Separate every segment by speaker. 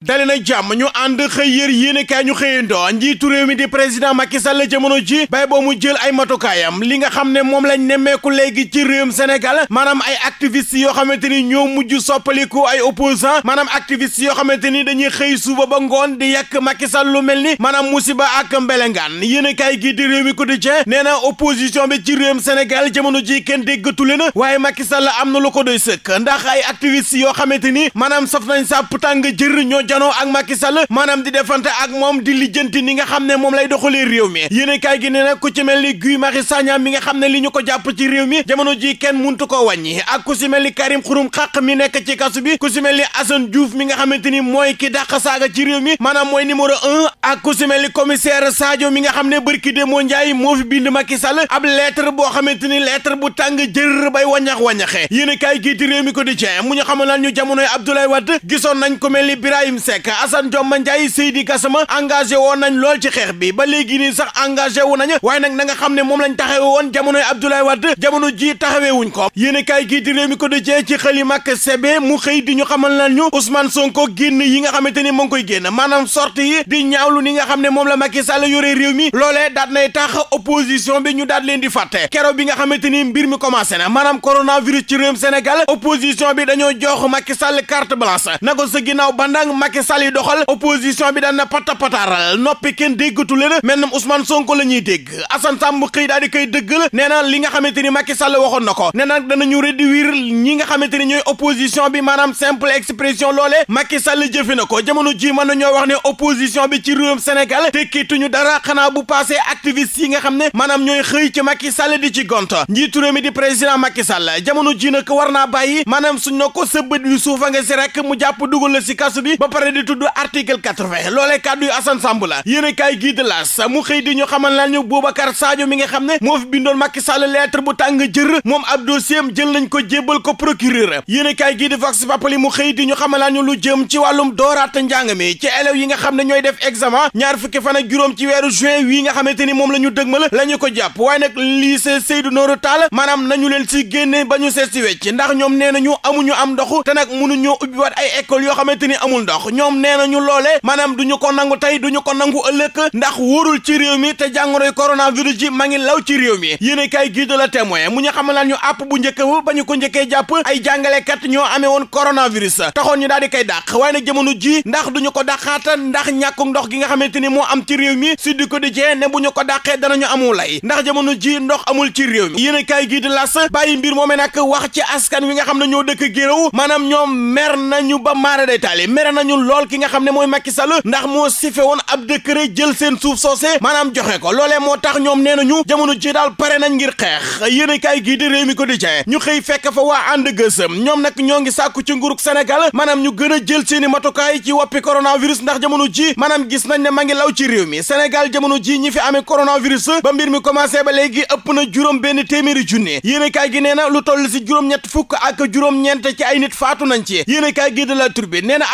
Speaker 1: dali na jàmm ñu ànd xëy yër yéenekaay ñu xëyandoo njiitu réew mi di président Macky Sall jamono ji bay boo mu jël ay matukaayam li nga xam ne moom lañ nemmeeku léegi ci réewum Sénégal maanaam ay activistes yoo xamante ni ñoo mujj soppaliku ay opposants maanaam activistes yoo xamante ni dañuy xëy suba ba ngoon di yàkk Macky Sall lu mel ni maanaam musiba ak mbelengaan yéenekaay gi di réew mi quotidien nee na opposition bi ci réewum Sénégal jamono ji kenn déggatu leen waaye Macky Sall am na lu ko doy sëkk ndax ay activistes yoo xamante ni maanaam saf nañ sàpp tàng jër ñoo janoo ak Macky Sall maanaam di defante ak moom di lijjanti ni nga xam ne moom lay doxalee réew mi yéene kaay gi ne nag ku ci mel ni Guy Marius Sagna mi nga xam ne li ñu ko jàpp ci réew mi jamono ji kenn muntu ko wàññi ak ku si mel ni Karim Xurum Xaq mi nekk ci kasu bi ku si mel ni Assane Diouf mi nga xamante ni mooy ki dàq saaga ci réew mi maanaam mooy numéro un ak ku si mel ni commissaire Sadio mi nga xam ne bër de moo njaay moo fi bind Macky Sall ab lettre boo xamante ni lettre bu tàng jër bay wàññax-wàññaxe yéene kaay gi ci réew mi ko di mu ñu xamal ñu jamonoy Abdoulaye Wade gisoon nañ ko mel ni Birahim Alioune Seck Assane Dioma Ndiaye Seydi Gassama engagé woon nañ lool ci xeex bi ba léegi nii sax engagé wu nañ waaye nag na nga xam ne moom lañ taxawe woon jamonoy Abdoulaye Wade jamono ji taxawee wuñ ko yéen kaay gii di réew mi ko dëjee ci xëli màkk sebe mu xëy di ñu xamal lan ñu Ousmane Sonko génn yi nga xamante ni mu ngi koy génn maanaam sorti yi di ñaawlu ni nga xam ne moom la Macky Sall yore réew mi loolee daat nay tax opposition bi ñu daat leen di fàtte keroog bi nga xamante ni mbir mi commencé na maanaam coronavirus ci réewum Sénégal opposition bi dañoo jox Macky Sall carte blanche na ko sa ginnaaw Macky Sall yi doxal opposition bi daan na pata pataaral noppi kenn déggatu leen maintenant Ousmane Sonko la ñuy dégg Assane Samb xëy daal di koy dëggal nee na li nga xamante ni Macky Sall waxoon na ko nee na danañu réduire ñi nga xamante ni ñooy opposition bi maanaam simple expression loole Macky Sall jëfe na ko jamono ji mën nañoo wax ne opposition bi ci réewum Sénégal tekkiituñu dara xanaa bu passé activiste yi nga xam ne maanaam ñooy xëy ci Macky Sall di ci gont njiitu réew mi di président Macky Sall jamono ji nag war naa bàyyi maanaam suñ na ko sëbët yu suufa nga si rek mu jàpp dugal la si kasu bi pare di tudd article quatre-vingt loolee kàddu asan Assane Samb la yéen a kaay gii de las mu xëy di ñu xamal naa ñu Boubacar Sadio mi nga xam ne moo fi bindoon Macky Sall lettre bu tàng jër moom ab dossier am jël nañ ko jébbal ko procureur yéen a kaay gii de Vox Populi mu xëy di ñu xamal naa ñu lu jëm ci wàllum dooraat njàng mi ci élèves yi nga xam ne ñooy def examen ñaar fukki fan ak juróom ci weeru juin wii nga xamante ni moom la ñu dëgmal la ko jàpp waaye nag lycée Seydou Nourou Tall maanaam nañu leen si génne ba ñu seet si ndax ñoom nee nañu amuñu am ndox te nag mënuñoo ubbiwaat ay école yoo xamante ni amul ñoom nee nañu loole maanaam du ñu ko nangu tey du ñu ko nangu ëllëk ndax wóorul ci réew mi te jàngoroy coronavirus ji ma ngi law ci réew mi yéen a kaay gii de la témoin mu ñu xamal laan ñu àpp bu njëkk ba ba ñu ko njëkkee jàpp ay jàngalekat ñoo amee woon coronavirus taxoon ñu daal di koy dàq waaye nag jamono ji ndax du ñu ko dàqaata ndax ñàkku ndox gi nga xamante ni moo am ci réew mi sud ko di jee ne bu ñu ko dàqee danañu amul lay ndax jamono ji ndox amul ci réew mi yéen a kaay gii de mbir moomee nag wax ci askan wi nga xam ne ñoo dëkk géréw maanaam ñoom mer nañu ba maara day taali mer woon lool ki nga xam ne mooy Macky Sall ndax moo sife woon ab décret jël seen suuf soose maanaam joxe ko loolee moo tax ñoom nee nañu jamono ji daal pare nañ ngir xeex yéenekaay gii di Rewmi Quotidien ñu xëy fekk fa waa ànd gësëm ñoom nag ñoo ngi sàkku ci nguurug Sénégal maanaam ñu gën a jël seeni matukaay ci woppi coronavirus ndax jamono ji maanaam gis nañ ne ma ngi law ci réew mi Sénégal jamono ji ñi fi amee coronavirus ba mbir mi commencé ba léegi ëpp na juróom benn téeméeri junni yéenekaay gi nee na lu toll si juróom fukk ak juróom-ñeent ci ay nit faatu nañ ci yéenekaay gi de la Tribune nee na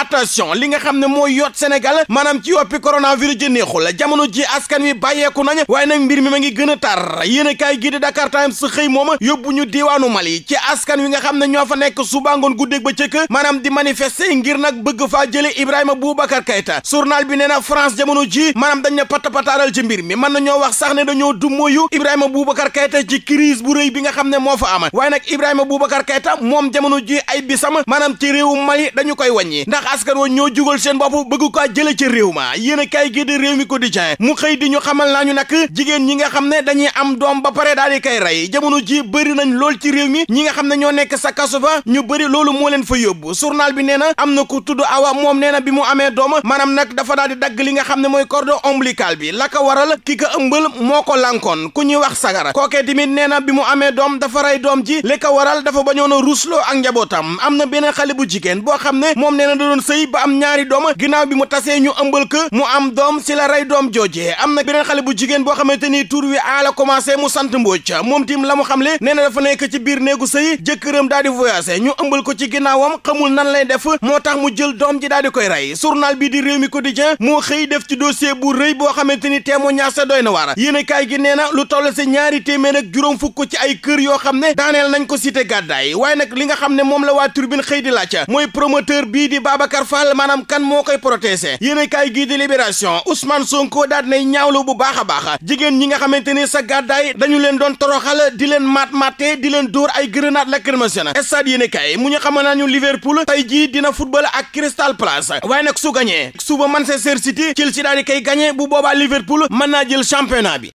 Speaker 1: li nga xam ne moo yot Sénégal maanaam ci yoppi coronavirus ji neexul jamono ji askan wi bàyyeeku nañ waaye nag mbir mi ma ngi gën a tar yéen a kaay gii di Dakar Times xëy moom yóbbu ñu diiwaanu Mali ci askan wi nga xam ne ñoo fa nekk suba ngoon guddee ba cëkk maanaam di manifester ngir nag bëgg faa jële Ibrahima Boubacar Keïta journal bi nee na France jamono ji maanaam dañ na patta pataaral ci mbir mi mën nañoo wax sax ne dañoo dummoyu Ibrahima Boubacar Keïta ci crise bu rëy bi nga xam ne moo fa am waaye nag Ibrahima Boubacar Keïta moom jamono ji ay bisam maanaam ci réewu Mali dañu koy wàññi ndax ñoo jugal seen bopp bëgg ko jële ci réew ma yéen a kayi gi di réew mi quotidien mu xëy di ñu xamal naa ñu nag jigéen ñi nga xam ne dañuy am doom ba pare daal di kay rey jamono ji bëri nañ lool ci réew mi ñi nga xam ne ñoo nekk sa kaso ba ñu bëri loolu moo leen fa yóbbu journal bi nee na am na ku tudd awa moom nee na bi mu amee doom maanaam nag dafa daal di dagg li nga xam ne mooy cordon ombilical bi la ko waral ki ko ëmbal moo ko lànkoon ku ñu wax sagara kookee tamit nee na bi mu amee doom dafa rey doom ji li ko waral dafa bañoon a ruusloo ak njabootam am na beneen xale bu jigéen boo xam ne moom nee na da doon sëy am ñaari doom ginnaaw bi mu tasee ñu ëmbal ko mu am doom si la rey doom joojee am na beneen xale bu jigéen boo xamante ni tur wi aala commencé mu sant mbóoj moom tim la mu xam le nee na dafa nekk ci biir néegu sëy jëkkëram daal di voyagé ñu ëmbal ko ci ginnaawam xamul nan lay def moo tax mu jël doom ji daal di koy rey journal bi di réew mi quotidien moo xëy def ci dossier bu rëy boo xamante ni témoignage sa doy na waar yéenekaay gi nee na lu toll si ñaari téeméer ak juróom fukk ci ay kër yoo xam ne daaneel nañ ko cité gàddaay waaye nag li nga xam ne moom la waa turbine xëy di laaj mooy promoteur bii di Babacar Fall loolee maanaam kan moo koy protéger yéene kaay gii di libération Ousmane Sonko daal nay ñaawlu bu baax a baax jigéen ñi nga xamante ni sa gaddaay dañu leen doon toroxal di leen maat maate di leen dóor ay grenade lacrymogène stade yéene kaay mu ñu xamal nañu Liverpool tey jii dina football ak Crystal Palace waaye nag su gagné suba Manchester City Chelsea daal di koy gagné bu boobaa Liverpool mën naa jël championnat bi